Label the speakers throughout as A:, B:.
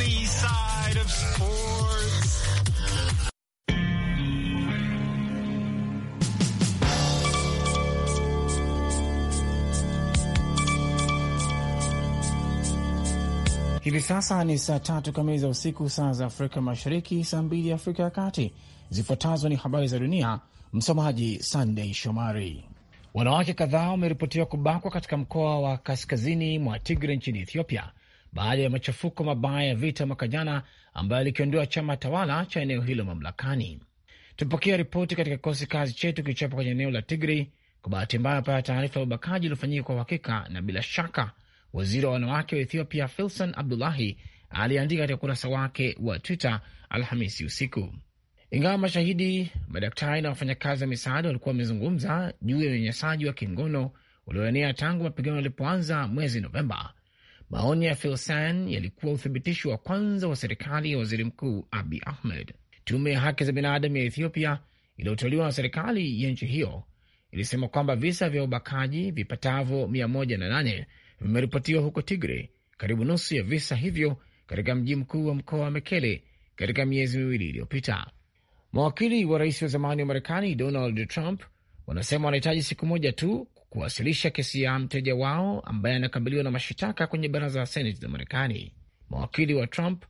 A: sunny side of sports.
B: Hivi sasa ni saa tatu kamili za usiku, saa za Afrika Mashariki, saa mbili ya Afrika ya Kati. Zifuatazo ni habari za dunia, msomaji Sandey Shomari. Wanawake kadhaa wameripotiwa kubakwa katika mkoa wa kaskazini mwa Tigre nchini Ethiopia baada ya machafuko mabaya ya vita mwaka jana ambayo alikiondoa chama tawala cha eneo hilo mamlakani. Tumepokea ripoti katika kikosi kazi chetu kilichopo kwenye eneo la Tigray. Kwa bahati mbaya, pata taarifa ya ubakaji uliofanyika kwa uhakika na bila shaka. Waziri wa wanawake wa Ethiopia Filson Abdullahi aliandika katika ukurasa wake wa Twitter Alhamisi usiku. Ingawa mashahidi, madaktari na wafanyakazi wa misaada walikuwa wamezungumza juu ya unyanyasaji wa kingono ulioenea tangu mapigano yalipoanza mwezi Novemba, Maoni ya Filsan yalikuwa uthibitisho wa kwanza wa serikali ya waziri mkuu Abi Ahmed. Tume ya haki za binadamu ya Ethiopia iliyoteuliwa na serikali ya nchi hiyo ilisema kwamba visa vya ubakaji vipatavyo 108 vimeripotiwa huko Tigre, karibu nusu ya visa hivyo katika mji mkuu wa mkoa wa Mekele katika miezi miwili iliyopita. Mawakili wa rais wa zamani wa Marekani Donald Trump wanasema wanahitaji siku moja tu kuwasilisha kesi ya mteja wao ambaye anakabiliwa na mashitaka kwenye baraza la seneti za Marekani. Mawakili wa Trump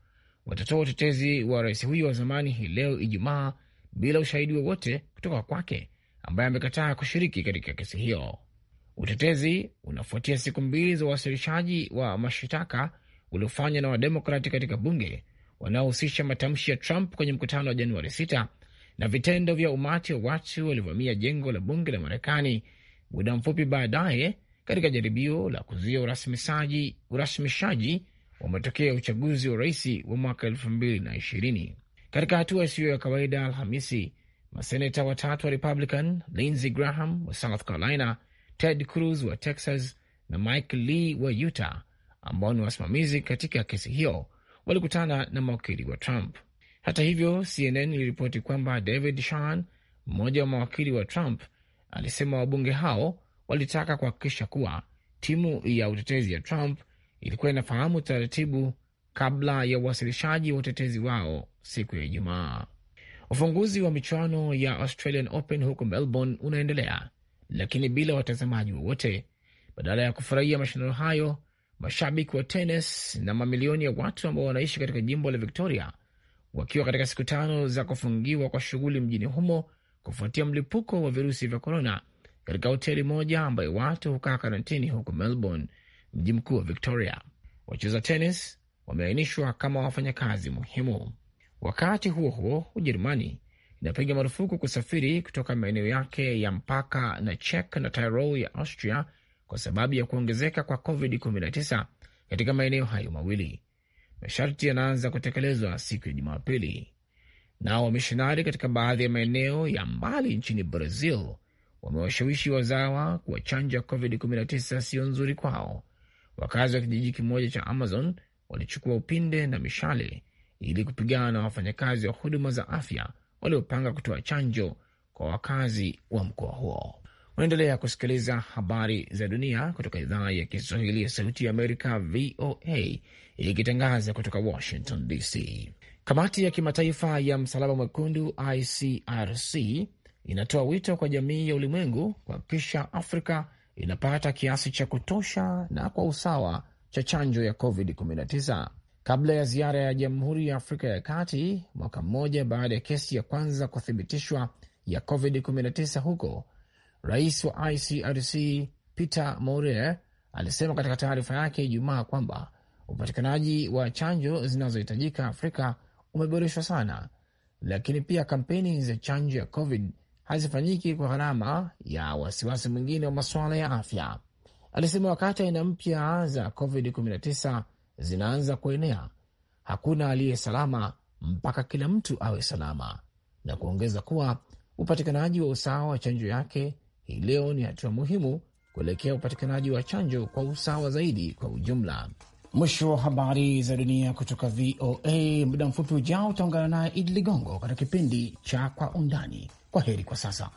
B: watatoa utetezi wa rais huyo wa zamani hii leo Ijumaa bila ushahidi wowote kutoka kwake, ambaye amekataa kushiriki katika kesi hiyo. Utetezi unafuatia siku mbili za uwasilishaji wa mashitaka uliofanywa na Wademokrati katika bunge wanaohusisha matamshi ya Trump kwenye mkutano wa Januari 6 na vitendo vya umati wa watu walivamia jengo la bunge la Marekani Muda mfupi baadaye, katika jaribio la kuzuia urasimishaji wa matokeo ya uchaguzi wa rais wa mwaka elfu mbili na ishirini katika hatua isiyo ya kawaida Alhamisi, maseneta watatu wa Republican, Lindsey Graham wa South Carolina, Ted Cruz wa Texas na Mike Lee wa Utah, ambao ni wasimamizi katika kesi hiyo, walikutana na mawakili wa Trump. Hata hivyo, CNN iliripoti kwamba David Shan, mmoja wa mawakili wa Trump, alisema wabunge hao walitaka kuhakikisha kuwa timu ya utetezi ya Trump ilikuwa inafahamu taratibu kabla ya uwasilishaji wa utetezi wao siku ya Ijumaa. Ufunguzi wa michuano ya Australian Open huko Melbourne unaendelea lakini bila watazamaji wowote. Badala ya kufurahia mashindano hayo, mashabiki wa tenis na mamilioni ya watu ambao wanaishi katika jimbo la Victoria, wakiwa katika siku tano za kufungiwa kwa shughuli mjini humo kufuatia mlipuko wa virusi vya korona katika hoteli moja ambayo watu hukaa karantini huko Melbourne, mji mkuu wa Victoria. Wacheza tenis wameainishwa kama wafanyakazi muhimu. Wakati huo huo, Ujerumani inapiga marufuku kusafiri kutoka maeneo yake ya mpaka na Czech na Tyrol ya Austria kwa sababu ya kuongezeka kwa COVID-19 katika maeneo hayo mawili. Masharti yanaanza kutekelezwa siku ya Jumapili. Nao wamishonari katika baadhi ya maeneo ya mbali nchini Brazil wamewashawishi wazawa kuwachanja COVID-19 siyo nzuri kwao. Wakazi wa kijiji kimoja cha Amazon walichukua upinde na mishale ili kupigana na wafanyakazi wa huduma za afya waliopanga kutoa chanjo kwa wakazi wa mkoa huo. Unaendelea kusikiliza habari za dunia kutoka idhaa ya Kiswahili ya Sauti ya Amerika, VOA, ikitangaza kutoka Washington DC. Kamati ya Kimataifa ya Msalaba Mwekundu, ICRC, inatoa wito kwa jamii ya ulimwengu kuhakikisha Afrika inapata kiasi cha kutosha na kwa usawa cha chanjo ya COVID-19 kabla ya ziara ya Jamhuri ya Afrika ya Kati, mwaka mmoja baada ya kesi ya kwanza kuthibitishwa ya COVID-19 huko Rais wa ICRC Peter Maurer alisema katika taarifa yake Ijumaa kwamba upatikanaji wa chanjo zinazohitajika Afrika umeboreshwa sana, lakini pia kampeni za chanjo ya COVID hazifanyiki kwa gharama ya wasiwasi mwingine wa masuala ya afya. Alisema wakati aina mpya za COVID-19 zinaanza kuenea, hakuna aliye salama mpaka kila mtu awe salama, na kuongeza kuwa upatikanaji wa usawa wa chanjo yake hii leo ni hatua muhimu kuelekea upatikanaji wa chanjo kwa usawa zaidi kwa ujumla. Mwisho wa habari za dunia kutoka VOA. Muda mfupi ujao utaungana naye Idi Ligongo katika kipindi cha Kwa Undani. Kwa heri kwa sasa.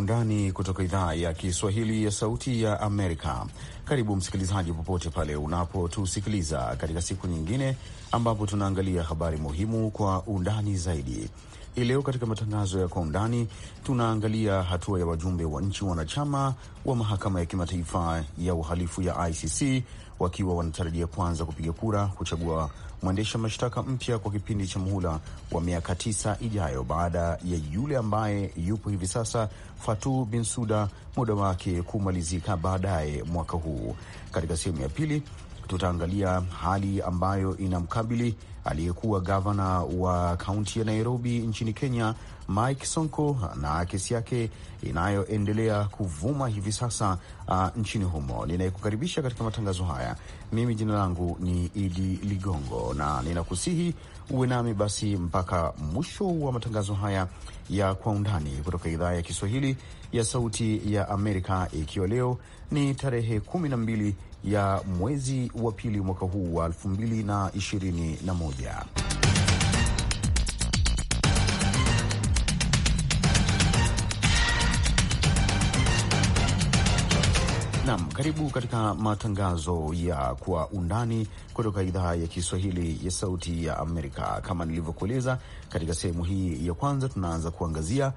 C: undani kutoka idhaa ya Kiswahili ya Sauti ya Amerika. Karibu msikilizaji, popote pale unapotusikiliza katika siku nyingine ambapo tunaangalia habari muhimu kwa undani zaidi. Hii leo katika matangazo ya kwa undani tunaangalia hatua ya wajumbe wa nchi wanachama wa mahakama ya kimataifa ya uhalifu ya ICC wakiwa wanatarajia kwanza kupiga kura kuchagua mwendesha mashtaka mpya kwa kipindi cha muhula wa miaka tisa ijayo baada ya yule ambaye yupo hivi sasa Fatu Bin Suda muda wake kumalizika baadaye mwaka huu. Katika sehemu ya pili tutaangalia hali ambayo inamkabili aliyekuwa gavana wa kaunti ya Nairobi nchini Kenya, Mike Sonko, na kesi yake inayoendelea kuvuma hivi sasa uh, nchini humo. Ninayekukaribisha katika matangazo haya mimi, jina langu ni Idi Ligongo, na ninakusihi uwe nami basi mpaka mwisho wa matangazo haya ya Kwa Undani kutoka idhaa ya Kiswahili ya Sauti ya Amerika, ikiwa leo ni tarehe kumi na mbili ya mwezi wa pili mwaka huu wa 2021. Nam, karibu katika matangazo ya kwa undani kutoka idhaa ya Kiswahili ya Sauti ya Amerika. Kama nilivyokueleza katika sehemu hii ya kwanza, tunaanza kuangazia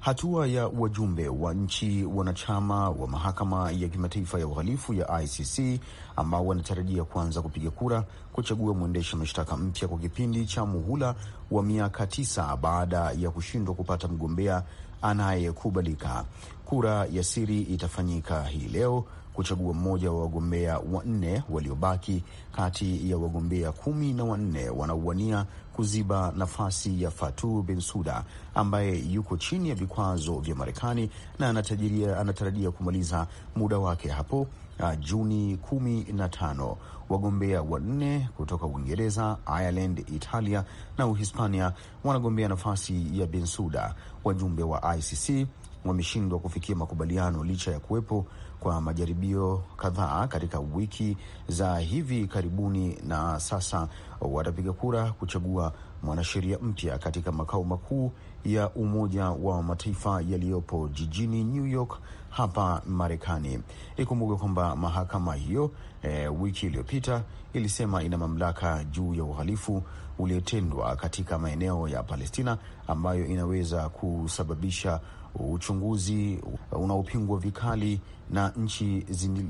C: Hatua ya wajumbe wa nchi wanachama wa mahakama ya kimataifa ya uhalifu ya ICC ambao wanatarajia kuanza kupiga kura kuchagua mwendesha mashtaka mpya kwa kipindi cha muhula wa miaka tisa baada ya kushindwa kupata mgombea anayekubalika. Kura ya siri itafanyika hii leo kuchagua mmoja wa wagombea wanne waliobaki kati ya wagombea kumi na wanne wanaowania kuziba nafasi ya fatu bensuda ambaye yuko chini ya vikwazo vya Marekani na anatarajia kumaliza muda wake hapo uh, Juni kumi na tano. Wagombea wanne kutoka Uingereza, Ireland, Italia na Uhispania wanagombea nafasi ya Bensuda. Wajumbe wa ICC wameshindwa kufikia makubaliano licha ya kuwepo kwa majaribio kadhaa katika wiki za hivi karibuni, na sasa watapiga kura kuchagua mwanasheria mpya katika makao makuu ya Umoja wa Mataifa yaliyopo jijini New York hapa Marekani. Ikumbuke kwamba mahakama hiyo e, wiki iliyopita ilisema ina mamlaka juu ya uhalifu uliotendwa katika maeneo ya Palestina ambayo inaweza kusababisha uchunguzi unaopingwa vikali na nchi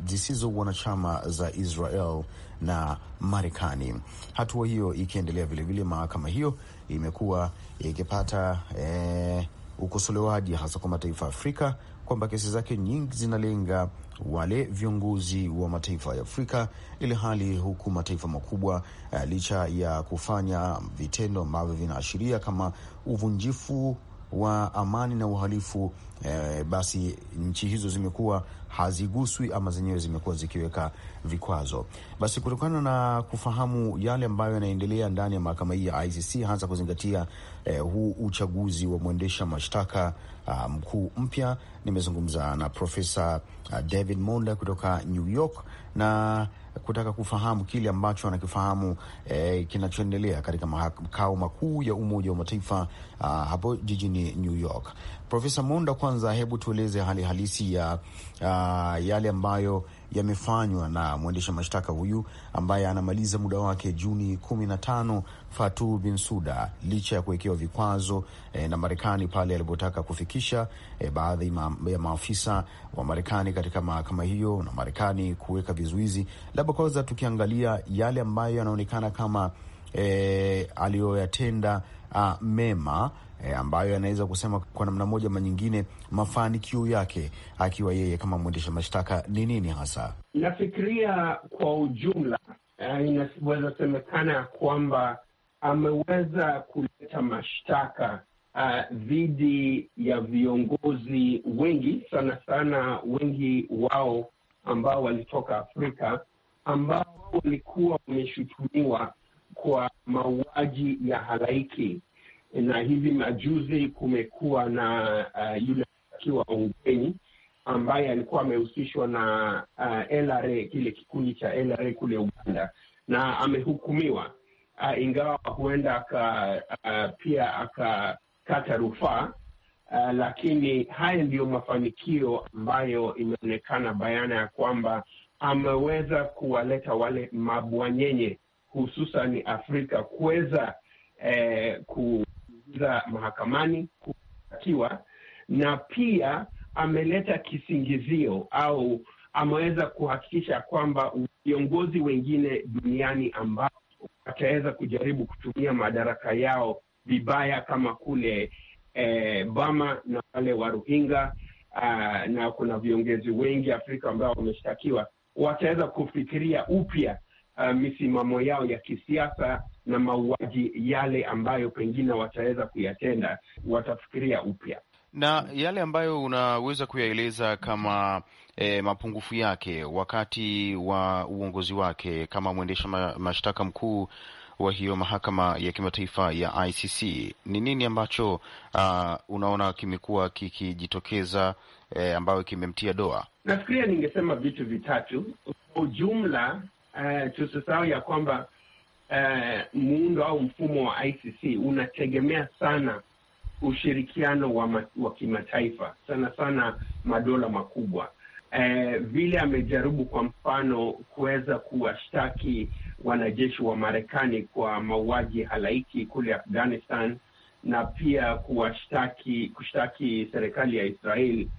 C: zisizo wanachama za Israel na Marekani. Hatua hiyo ikiendelea, vilevile mahakama hiyo imekuwa ikipata e, ukosolewaji hasa kwa mataifa ya Afrika kwamba kesi zake nyingi zinalenga wale viongozi wa mataifa ya Afrika, ili hali huku mataifa makubwa uh, licha ya kufanya vitendo ambavyo vinaashiria kama uvunjifu wa amani na uhalifu eh, basi nchi hizo zimekuwa haziguswi ama zenyewe zimekuwa zikiweka vikwazo. Basi kutokana na kufahamu yale ambayo yanaendelea ndani ya mahakama hii ya ICC, hasa kuzingatia eh, huu uchaguzi wa mwendesha mashtaka uh, mkuu mpya, nimezungumza na Profesa uh, David Monda kutoka New York na kutaka kufahamu kile ambacho anakifahamu eh, kinachoendelea katika makao makuu ya Umoja wa Mataifa uh, hapo jijini New York. Profesa Monda, kwanza hebu tueleze hali halisi ya uh, yale ambayo yamefanywa na mwendesha mashtaka huyu ambaye anamaliza muda wake Juni kumi na tano, Fatu Binsuda, licha ya kuwekewa vikwazo eh, na Marekani pale alipotaka kufikisha eh, baadhi ya maafisa wa Marekani katika mahakama hiyo na Marekani kuweka vizuizi labda kwanza tukiangalia yale ambayo yanaonekana kama e, aliyoyatenda ah, mema E, ambayo anaweza kusema kwa namna moja ama nyingine mafanikio yake akiwa yeye kama mwendesha mashtaka ni nini hasa?
D: Nafikiria kwa ujumla, uh, inaweza semekana kwamba ameweza kuleta mashtaka ah, dhidi uh, ya viongozi wengi sana sana, wengi wao ambao walitoka Afrika ambao walikuwa wameshutumiwa kwa mauaji ya halaiki, na hivi majuzi kumekuwa na uh, yule akiwa Ungeni ambaye alikuwa amehusishwa na uh, LRA, kile kikundi cha LRA kule Uganda na amehukumiwa uh, ingawa huenda aka, uh, pia akakata rufaa uh, lakini haya ndiyo mafanikio ambayo imeonekana bayana ya kwamba ameweza kuwaleta wale mabwanyenye hususan Afrika kuweza eh, kuingiza mahakamani kuakiwa na pia ameleta kisingizio au ameweza kuhakikisha kwamba viongozi wengine duniani ambao wataweza kujaribu kutumia madaraka yao vibaya kama kule eh, Bama na wale wa Rohingya, uh, na kuna viongozi wengi Afrika ambao wameshtakiwa wataweza kufikiria upya uh, misimamo yao ya kisiasa na mauaji yale ambayo pengine wataweza kuyatenda, watafikiria upya
C: na yale ambayo unaweza kuyaeleza kama e, mapungufu yake wakati wa uongozi wake kama mwendesha ma, mashtaka mkuu wa hiyo mahakama ya kimataifa ya ICC ni nini ambacho uh, unaona kimekuwa kikijitokeza e, ambayo kimemtia doa?
D: Nafikiria ningesema vitu vitatu kwa ujumla. Uh, tusisahau ya kwamba uh, muundo au mfumo wa ICC unategemea sana ushirikiano wa, wa kimataifa sana sana madola makubwa. Eh, vile amejaribu kwa mfano kuweza kuwashtaki wanajeshi wa Marekani kwa mauaji halaiki kule Afghanistan na pia kuwashtaki kushtaki serikali ya Israeli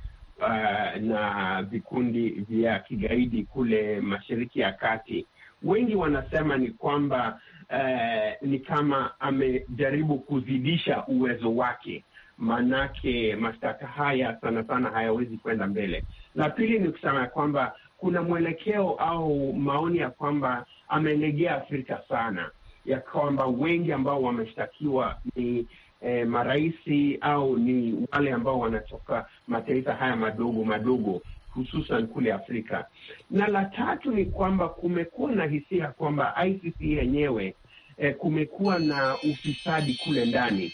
D: uh, na vikundi vya kigaidi kule Mashariki ya Kati. Wengi wanasema ni kwamba uh, ni kama amejaribu kuzidisha uwezo wake, maanake mashtaka haya sana sana hayawezi kwenda mbele. La pili ni kusema ya kwamba kuna mwelekeo au maoni ya kwamba amelegea Afrika sana, ya kwamba wengi ambao wameshtakiwa ni eh, maraisi au ni wale ambao wanatoka mataifa haya madogo madogo hususan kule Afrika. Na la tatu ni kwamba kumekuwa na hisia kwamba ICC yenyewe eh, kumekuwa na ufisadi kule ndani.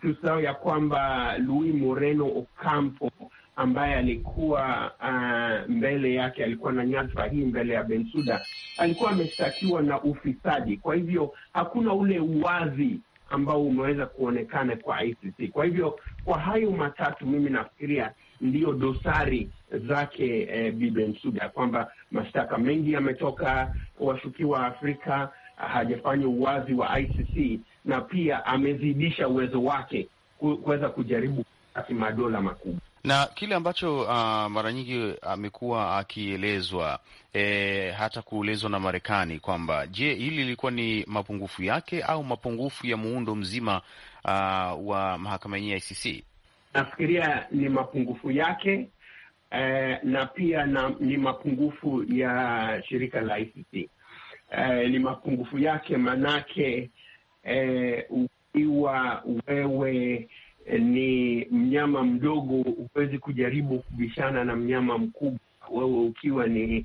D: Tusahau ya kwamba Luis Moreno Ocampo ambaye alikuwa uh, mbele yake alikuwa na nyadhifa hii mbele ya bensuda alikuwa ameshtakiwa na ufisadi. Kwa hivyo hakuna ule uwazi ambao umeweza kuonekana kwa ICC. Kwa hivyo kwa hayo matatu, mimi nafikiria ndiyo dosari zake eh, Bibi Bensouda kwamba mashtaka mengi yametoka washukiwa wa Afrika, hajafanya uwazi wa ICC na pia amezidisha uwezo wake kuweza kujaribu madola makubwa
C: na kile ambacho uh, mara nyingi amekuwa akielezwa e, hata kuelezwa na Marekani kwamba je, hili lilikuwa ni mapungufu yake au mapungufu ya muundo mzima uh, wa mahakama yenyewe ya
D: ICC? Nafikiria ni mapungufu yake eh, na pia na, ni mapungufu ya shirika la ICC eh, ni mapungufu yake manake eh, ukiwa wewe Eh, ni mnyama mdogo, huwezi kujaribu kubishana na mnyama mkubwa. Wewe ukiwa ni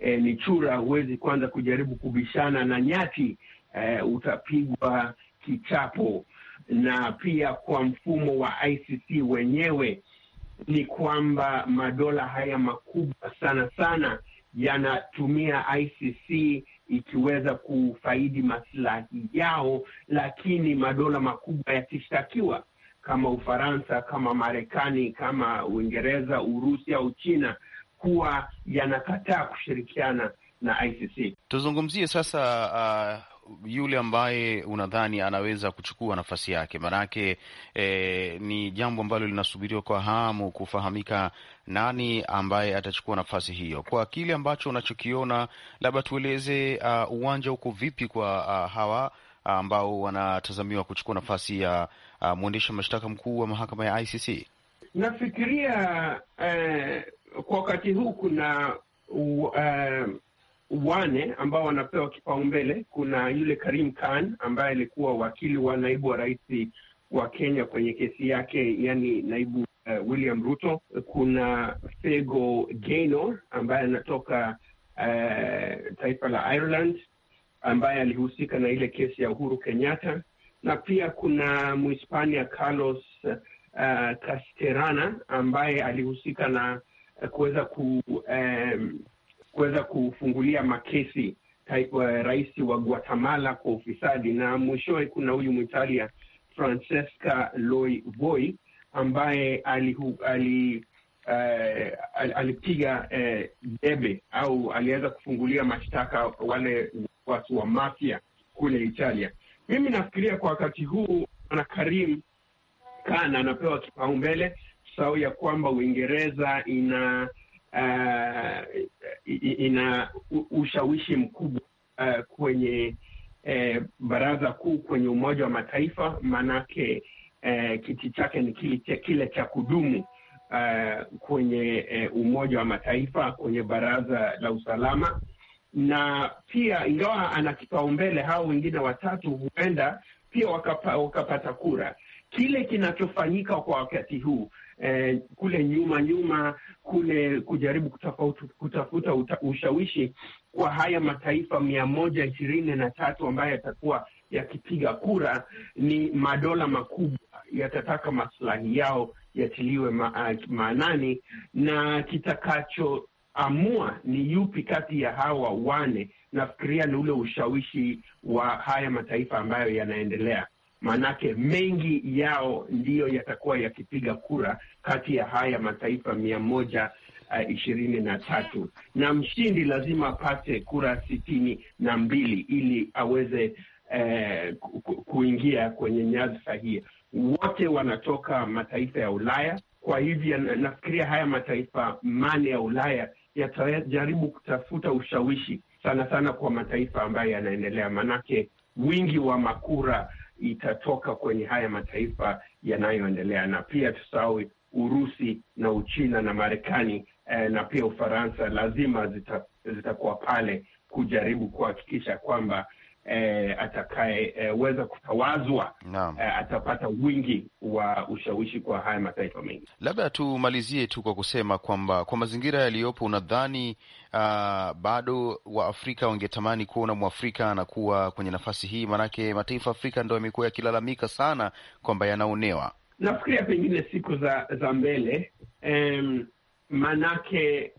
D: e, ni chura, huwezi kwanza kujaribu kubishana na nyati e, utapigwa kichapo. Na pia kwa mfumo wa ICC wenyewe ni kwamba madola haya makubwa sana sana yanatumia ICC ikiweza kufaidi maslahi yao, lakini madola makubwa yakishtakiwa kama Ufaransa, kama Marekani, kama Uingereza, Urusi au China kuwa yanakataa kushirikiana na ICC.
C: Tuzungumzie sasa uh yule ambaye unadhani anaweza kuchukua nafasi yake, maanake eh, ni jambo ambalo linasubiriwa kwa hamu kufahamika nani ambaye atachukua nafasi hiyo. Kwa kile ambacho unachokiona, labda tueleze uh, uwanja uko vipi kwa uh, hawa ambao wanatazamiwa kuchukua nafasi ya uh, mwendesha mashtaka mkuu wa mahakama ya ICC?
D: Nafikiria uh, kwa wakati huu kuna uh, wane ambao wanapewa kipaumbele. Kuna yule Karim Khan ambaye alikuwa wakili wa naibu wa rais wa Kenya kwenye kesi yake, yani naibu uh, William Ruto. Kuna Fego Gaynor ambaye anatoka uh, taifa la Ireland ambaye alihusika na ile kesi ya Uhuru Kenyatta, na pia kuna Mhispania Carlos uh, Casterana ambaye alihusika na eh, kuweza ku, um, kuweza kufungulia makesi taifa rais wa Guatemala kwa ufisadi, na mwishowe kuna huyu Mwitalia Francesca Loi Voi ambaye alihu, ali, uh, alipiga uh, debe au aliweza kufungulia mashtaka wale watu wa mafia kule Italia. Mimi nafikiria kwa wakati huu Bwana Karim Khan anapewa kipaumbele, sababu ya kwamba Uingereza ina uh, ina ushawishi mkubwa uh, kwenye uh, baraza kuu kwenye Umoja wa Mataifa, maanake uh, kiti chake ni kile, kile cha kudumu uh, kwenye uh, Umoja wa Mataifa kwenye Baraza la Usalama na pia ingawa ana kipaumbele, hao wengine watatu huenda pia wakapa, wakapata kura. Kile kinachofanyika kwa wakati huu eh, kule nyuma nyuma kule kujaribu kutafuta, kutafuta uta, ushawishi kwa haya mataifa mia moja ishirini na tatu ambayo yatakuwa yakipiga kura, ni madola makubwa yatataka maslahi yao yatiliwe ma, maanani na kitakacho amua ni yupi kati ya hawa wane. Nafikiria ni ule ushawishi wa haya mataifa ambayo yanaendelea, maanake mengi yao ndiyo yatakuwa yakipiga kura kati ya haya mataifa mia moja eh, ishirini na tatu na mshindi lazima apate kura sitini na mbili ili aweze uh, kuingia kwenye nyadhifa hii. Wote wanatoka mataifa ya Ulaya. Kwa hivyo nafikiria haya mataifa mane ya Ulaya yatajaribu kutafuta ushawishi sana sana kwa mataifa ambayo yanaendelea, manake wingi wa makura itatoka kwenye haya mataifa yanayoendelea, na pia tusahau Urusi na Uchina na Marekani eh, na pia Ufaransa lazima zitakuwa zita pale kujaribu kuhakikisha kwamba eh, atakayeweza eh, kutawazwa eh, atapata wingi wa ushawishi kwa haya mataifa mengi.
C: Labda tumalizie tu kwa kusema kwamba kwa mazingira yaliyopo, unadhani uh, bado Waafrika wangetamani kuona Mwafrika anakuwa kwenye nafasi hii? Maanake mataifa Afrika ndo yamekuwa yakilalamika sana kwamba yanaonewa.
D: Nafikiria pengine siku za za mbele um, manake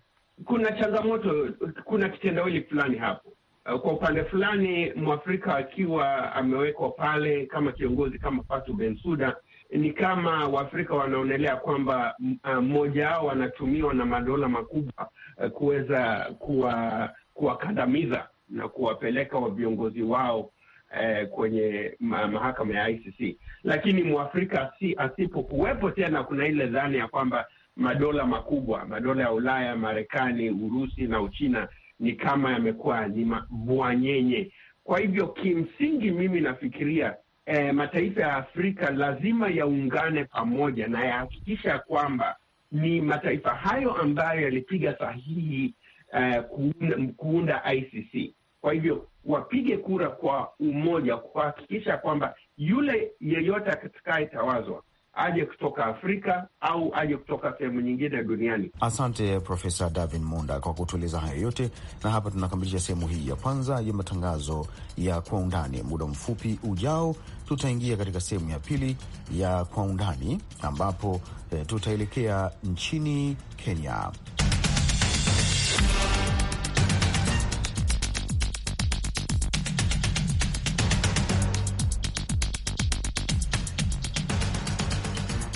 D: kuna changamoto, kuna kitendawili fulani hapo Eh, kwa upande fulani Mwafrika akiwa amewekwa pale kama kiongozi kama Fatu Bensuda, ni kama Waafrika wanaonelea kwamba mm, eh, mmoja wao wanatumiwa na madola makubwa eh, kuweza kuwakandamiza na kuwapeleka wa viongozi wao eh, kwenye mahakama ya ICC. Lakini Mwafrika si asipokuwepo tena, kuna ile dhana ya kwamba madola makubwa, madola ya Ulaya, Marekani, Urusi na Uchina ni kama yamekuwa ni mvua nyenye. Kwa hivyo kimsingi, mimi nafikiria eh, mataifa ya Afrika lazima yaungane pamoja na yahakikisha kwamba ni mataifa hayo ambayo yalipiga sahihi eh, kuunda, kuunda ICC. Kwa hivyo wapige kura kwa umoja kuhakikisha kwamba yule yeyote atakayetawazwa aje kutoka Afrika au aje kutoka sehemu nyingine duniani.
C: Asante Profesa Davin Munda kwa kutueleza hayo yote, na hapa tunakamilisha sehemu hii ya kwanza ya matangazo ya Kwa Undani. Muda mfupi ujao, tutaingia katika sehemu ya pili ya Kwa Undani ambapo eh, tutaelekea nchini Kenya.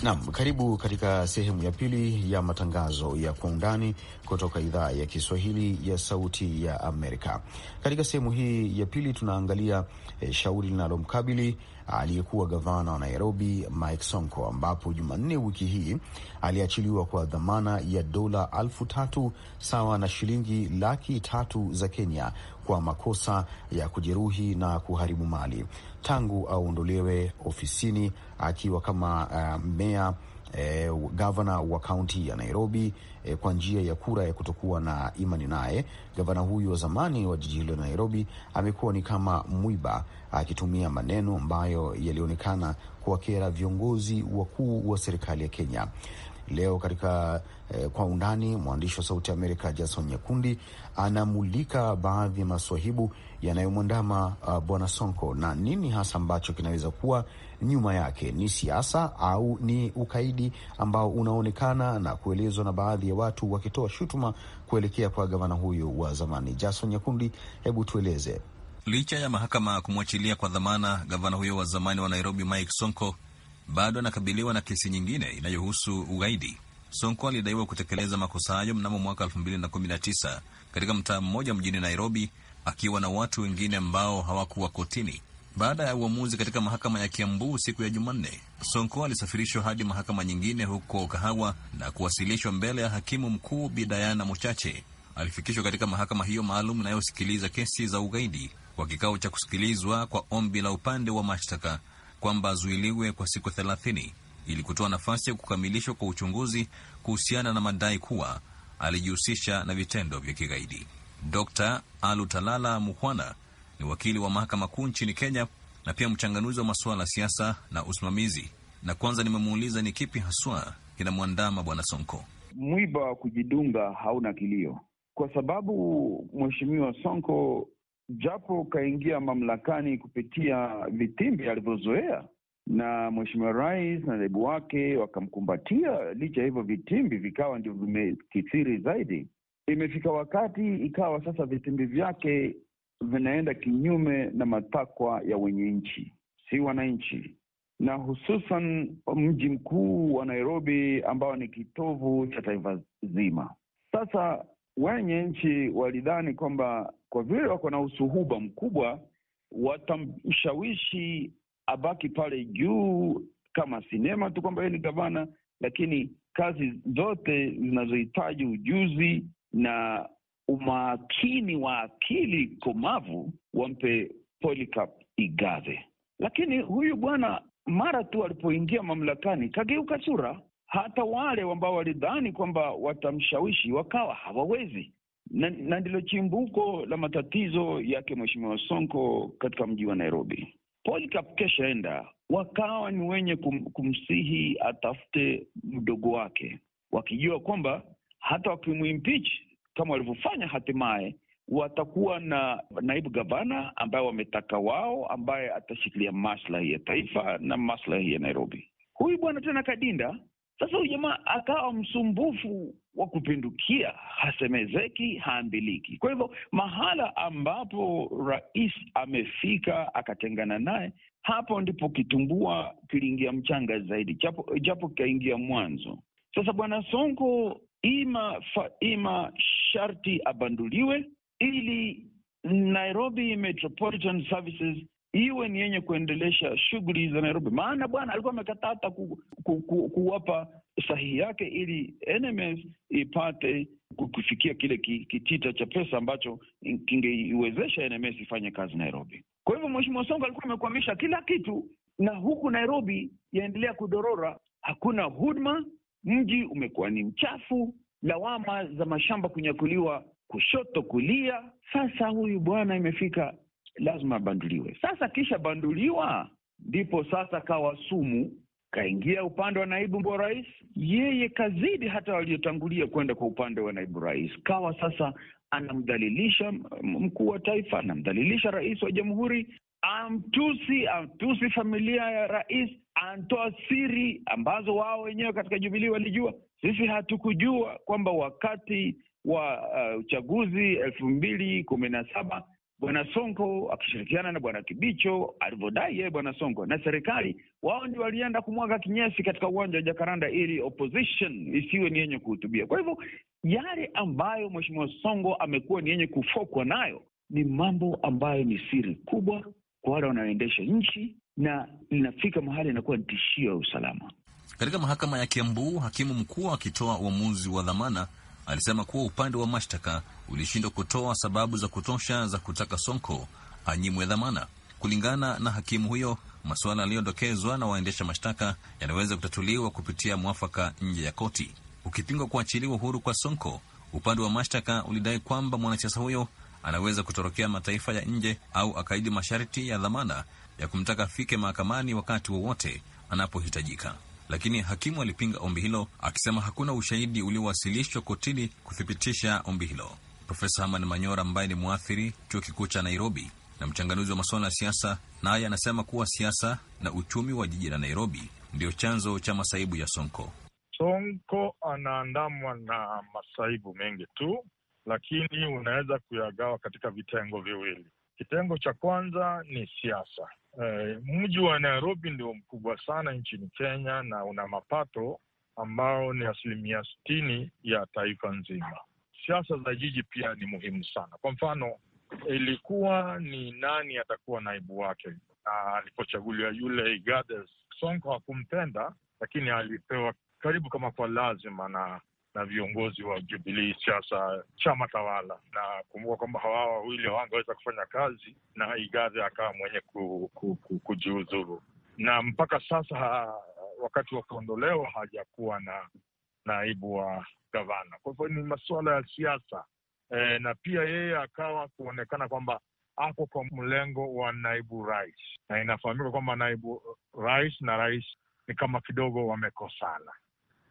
C: Naam, karibu katika sehemu ya pili ya matangazo ya kwa undani kutoka idhaa ya Kiswahili ya Sauti ya Amerika. Katika sehemu hii ya pili tunaangalia eh, shauri linalomkabili aliyekuwa gavana wa Nairobi Mike Sonko, ambapo Jumanne wiki hii aliachiliwa kwa dhamana ya dola alfu tatu sawa na shilingi laki tatu za Kenya kwa makosa ya kujeruhi na kuharibu mali tangu aondolewe ofisini akiwa kama uh, meya e, gavana wa kaunti ya Nairobi e, kwa njia ya kura ya kutokuwa na imani naye. Gavana huyu wa zamani wa jiji hilo la Nairobi amekuwa ni kama mwiba, akitumia maneno ambayo yalionekana kuwakera viongozi wakuu wa serikali ya Kenya. Leo katika eh, kwa undani mwandishi wa Sauti ya Amerika Jason Nyakundi anamulika baadhi ya maswahibu yanayomwandama uh, Bwana Sonko na nini hasa ambacho kinaweza kuwa nyuma yake. Ni siasa au ni ukaidi ambao unaonekana na kuelezwa na baadhi ya watu wakitoa shutuma kuelekea kwa gavana huyo wa zamani. Jason Nyakundi, hebu tueleze.
A: Licha ya mahakama kumwachilia kwa dhamana gavana huyo wa zamani wa Nairobi Mike Sonko bado anakabiliwa na kesi nyingine inayohusu ugaidi. Sonko alidaiwa kutekeleza makosa hayo mnamo mwaka 2019 katika mtaa mmoja mjini Nairobi akiwa na watu wengine ambao hawakuwa kotini. Baada ya uamuzi katika mahakama ya Kiambu siku ya Jumanne, Sonko alisafirishwa hadi mahakama nyingine huko Kahawa na kuwasilishwa mbele ya hakimu mkuu Bidayana Mochache. Alifikishwa katika mahakama hiyo maalum inayosikiliza kesi za ugaidi kwa kikao cha kusikilizwa kwa ombi la upande wa mashtaka kwamba azuiliwe kwa siku thelathini ili kutoa nafasi ya kukamilishwa kwa uchunguzi kuhusiana na madai kuwa alijihusisha na vitendo vya kigaidi. Dr Alutalala Muhwana ni wakili wa mahakama kuu nchini Kenya na pia mchanganuzi wa masuala ya siasa na usimamizi, na kwanza nimemuuliza ni kipi haswa kinamwandama Bwana Sonko.
E: Mwiba wa kujidunga hauna kilio, kwa sababu Mheshimiwa Sonko japo ukaingia mamlakani kupitia vitimbi alivyozoea na mheshimiwa rais na naibu wake wakamkumbatia, licha ya hivyo vitimbi vikawa ndio vimekithiri zaidi. Imefika wakati ikawa sasa vitimbi vyake vinaenda kinyume na matakwa ya wenye nchi, si wananchi, na hususan mji mkuu wa Nairobi ambao ni kitovu cha taifa zima. Sasa wenye nchi walidhani kwamba kwa vile wako na usuhuba mkubwa, watamshawishi abaki pale juu kama sinema tu kwamba yeye ni gavana, lakini kazi zote zinazohitaji ujuzi na umakini wa akili komavu wampe Polycarp Igathe. Lakini huyu bwana mara tu alipoingia mamlakani kageuka sura. Hata wale ambao walidhani kwamba watamshawishi wakawa hawawezi na, ndilo chimbuko la matatizo yake Mheshimiwa Sonko katika mji wa Nairobi. Polycarp Keshaenda wakawa ni wenye kum, kumsihi atafute mdogo wake, wakijua kwamba hata wakimwimpeach kama walivyofanya hatimaye watakuwa na naibu gavana ambaye wametaka wao, ambaye atashikilia maslahi ya taifa na maslahi ya Nairobi. Huyu bwana tena Kadinda sasa huyu jamaa akawa msumbufu wa kupindukia, hasemezeki, haambiliki. Kwa hivyo mahala ambapo rais amefika akatengana naye, hapo ndipo kitumbua kiliingia mchanga zaidi, japo japo kikaingia mwanzo. Sasa bwana Sonko ima faima sharti abanduliwe ili Nairobi Metropolitan Services iwe ni yenye kuendelesha shughuli za Nairobi. Maana bwana alikuwa amekataa hata ku, ku, ku, kuwapa sahihi yake ili NMS ipate kufikia kile kitita cha pesa ambacho kingeiwezesha NMS ifanye kazi Nairobi. Kwa hivyo Mheshimiwa songo alikuwa amekwamisha kila kitu, na huku Nairobi yaendelea kudorora, hakuna huduma, mji umekuwa ni mchafu, lawama za mashamba kunyakuliwa kushoto kulia. Sasa huyu bwana imefika lazima abanduliwe. Sasa kisha banduliwa, ndipo sasa kawa sumu kaingia upande wa naibu wa rais, yeye kazidi hata waliotangulia kwenda kwa upande wa naibu rais. Kawa sasa anamdhalilisha mkuu wa taifa, anamdhalilisha rais wa jamhuri, amtusi, amtusi familia ya rais, antoa siri ambazo wao wenyewe katika Jubilii walijua. Sisi hatukujua kwamba wakati wa uh, uchaguzi uh, elfu mbili kumi na saba Bwana Sonko akishirikiana na Bwana Kibicho alivyodai yeye Bwana Sonko na serikali, wao ndio walienda kumwaga kinyesi katika uwanja wa Jakaranda ili opposition isiwe ni yenye kuhutubia. Kwa hivyo yale ambayo Mheshimiwa Sonko amekuwa ni yenye kufokwa nayo ni mambo ambayo ni siri kubwa kwa wale wanaoendesha nchi na linafika mahali inakuwa tishio ya usalama.
A: Katika mahakama ya Kiambu, hakimu mkuu akitoa uamuzi wa dhamana alisema kuwa upande wa mashtaka ulishindwa kutoa sababu za kutosha za kutaka Sonko anyimwe dhamana. Kulingana na hakimu huyo, masuala yaliyodokezwa na waendesha mashtaka yanaweza kutatuliwa kupitia mwafaka nje ya koti. Ukipingwa kuachiliwa huru kwa Sonko, upande wa mashtaka ulidai kwamba mwanasiasa huyo anaweza kutorokea mataifa ya nje au akaidi masharti ya dhamana ya kumtaka afike mahakamani wakati wowote anapohitajika lakini hakimu alipinga ombi hilo akisema hakuna ushahidi uliowasilishwa kotini kuthibitisha ombi hilo. Profesa Herman Manyora ambaye ni mwathiri chuo kikuu cha Nairobi na mchanganuzi wa masuala ya siasa, naye anasema kuwa siasa na uchumi wa jiji la Nairobi ndio chanzo cha masaibu ya Sonko.
F: Sonko anaandamwa na masaibu mengi tu, lakini unaweza kuyagawa katika vitengo viwili. Kitengo cha kwanza ni siasa, Uh, mji wa Nairobi ndio mkubwa sana nchini Kenya na una mapato ambao ni asilimia sitini ya taifa nzima. Siasa za jiji pia ni muhimu sana. Kwa mfano, ilikuwa ni nani atakuwa naibu wake, na alipochaguliwa yule Igathe Sonko hakumpenda, lakini alipewa karibu kama kwa lazima na na viongozi wa Jubilii, sasa chama tawala, na kumbuka kwamba hawa wawili hawangeweza kufanya kazi na igadhi akawa mwenye ku, ku, ku, kujiuzuru, na mpaka sasa wakati wa kuondolewa hajakuwa na naibu wa gavana. Kwa hivyo ni masuala ya siasa e, na pia yeye akawa kuonekana kwamba ako kwa mlengo wa naibu rais, na inafahamika kwamba naibu rais na rais ni kama kidogo wamekosana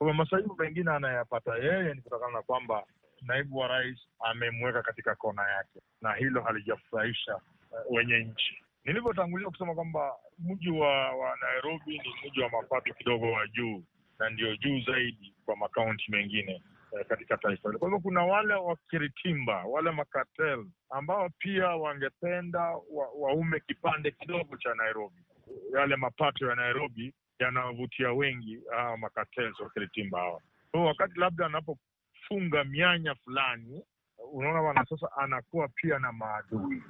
F: kwa masaibu mengine anayapata yeye ni kutokana na kwamba naibu wa rais amemweka katika kona yake, na hilo halijafurahisha uh, wenye nchi. Nilivyotangulia kusema kwamba mji wa, wa Nairobi ni mji wa mapato kidogo wa juu na ndio juu zaidi kwa makaunti mengine uh, katika taifa hilo. Kwa hivyo kuna wale wakiritimba wale makatel ambao pia wangependa wa, waume kipande kidogo cha Nairobi, yale mapato ya Nairobi yanawavutia wengi hawa makatezo wakilitimba hawa. So, wakati labda anapofunga mianya fulani, unaona bwana, sasa anakuwa pia na maadui.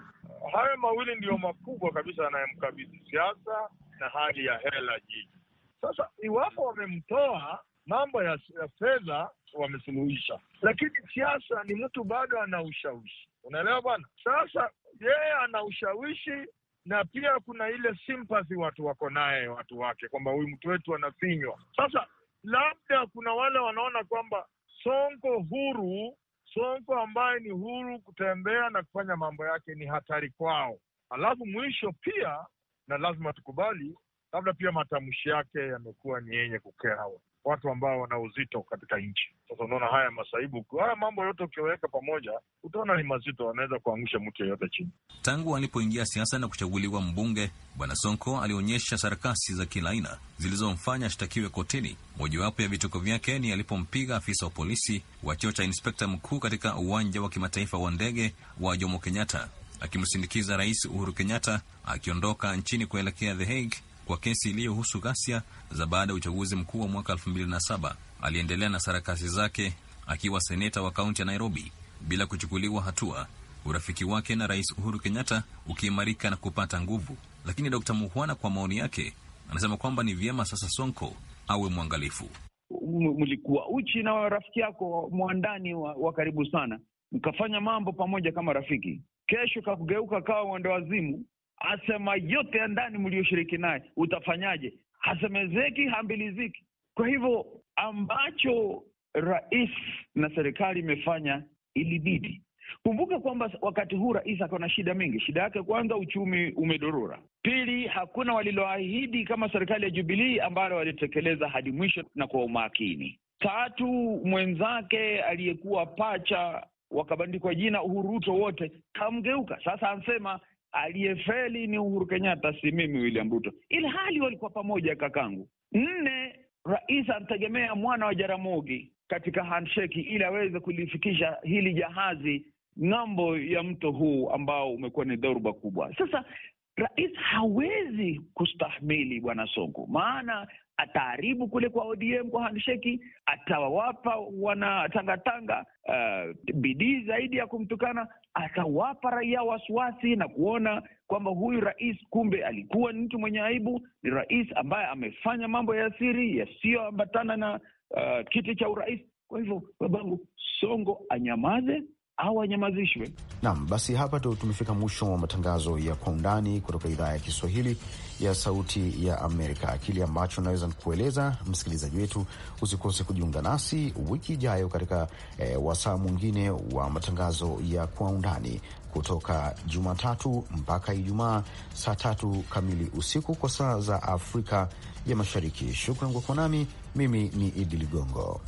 F: Hayo mawili ndiyo makubwa kabisa yanayemkabidhi siasa na hali ya hela jiji. Sasa iwapo wamemtoa mambo ya, ya fedha wamesuluhisha, lakini siasa ni mtu bado ana ushawishi, unaelewa bwana. Sasa yeye ana ushawishi na pia kuna ile sympathy watu wako naye watu wake, kwamba huyu mtu wetu anafinywa. Sasa labda kuna wale wanaona kwamba Sonko huru, Sonko ambaye ni huru kutembea na kufanya mambo yake ni hatari kwao. Alafu mwisho pia, na lazima tukubali, labda pia matamshi yake yamekuwa ni yenye kukera watu ambao wana uzito katika nchi. Sasa unaona haya masaibu, haya mambo yote ukiweka pamoja, utaona ni mazito, wanaweza kuangusha mtu yeyote chini.
A: Tangu alipoingia siasa na kuchaguliwa mbunge, Bwana Sonko alionyesha sarakasi za kila aina zilizomfanya ashtakiwe kotini. Mojawapo ya vituko vyake ni alipompiga afisa wa polisi wa cheo cha inspekta mkuu katika uwanja wa kimataifa wa ndege wa Jomo Kenyatta, akimsindikiza Rais Uhuru Kenyatta akiondoka nchini kuelekea The Hague kwa kesi iliyohusu ghasia za baada ya uchaguzi mkuu wa mwaka 2007. Aliendelea na sarakasi zake akiwa seneta wa kaunti ya Nairobi bila kuchukuliwa hatua, urafiki wake na Rais Uhuru Kenyatta ukiimarika na kupata nguvu. Lakini Dr. Muhwana kwa maoni yake anasema kwamba ni vyema sasa Sonko awe mwangalifu.
E: Mlikuwa uchi na rafiki yako mwandani wa, wa karibu sana, mkafanya mambo pamoja kama rafiki, kesho kakugeuka kawa mwendo asema yote ya ndani mlioshiriki naye utafanyaje? Hasemezeki, hambiliziki. Kwa hivyo ambacho rais na serikali imefanya ilibidi Kumbuka kwamba wakati huu rais akawa na shida mingi. Shida yake kwanza, uchumi umedorora. Pili, hakuna waliloahidi kama serikali ya Jubilii ambalo walitekeleza hadi mwisho na kwa umakini. Tatu, mwenzake aliyekuwa pacha wakabandikwa jina Uhuru Ruto wote kamgeuka. Sasa anasema aliyefeli ni Uhuru Kenyatta, si mimi William Ruto, ili hali walikuwa pamoja kakangu. Nne, rais anategemea mwana wa Jaramogi katika handshake ili aweze kulifikisha hili jahazi ng'ambo ya mto huu ambao umekuwa ni dhoruba kubwa. Sasa rais hawezi kustahimili bwana Sonko, maana ataharibu kule kwa ODM kwa handsheki, atawapa wanatangatanga uh, bidii zaidi ya kumtukana akawapa raia wasiwasi na kuona kwamba huyu rais kumbe alikuwa ni mtu mwenye aibu, ni rais ambaye amefanya mambo ya siri yasiyoambatana na uh, kiti cha urais. Kwa hivyo babangu Songo anyamaze, hawanyamazishwe.
C: Naam, basi hapa tu tumefika mwisho wa matangazo ya kwa undani kutoka idhaa ya Kiswahili ya Sauti ya Amerika. Kile ambacho naweza kueleza msikilizaji wetu, usikose kujiunga nasi wiki ijayo katika e, wasaa mwingine wa matangazo ya kwa undani kutoka Jumatatu mpaka Ijumaa saa tatu kamili usiku kwa saa za Afrika ya Mashariki. Shukran kwa kuwa nami. Mimi ni Idi Ligongo.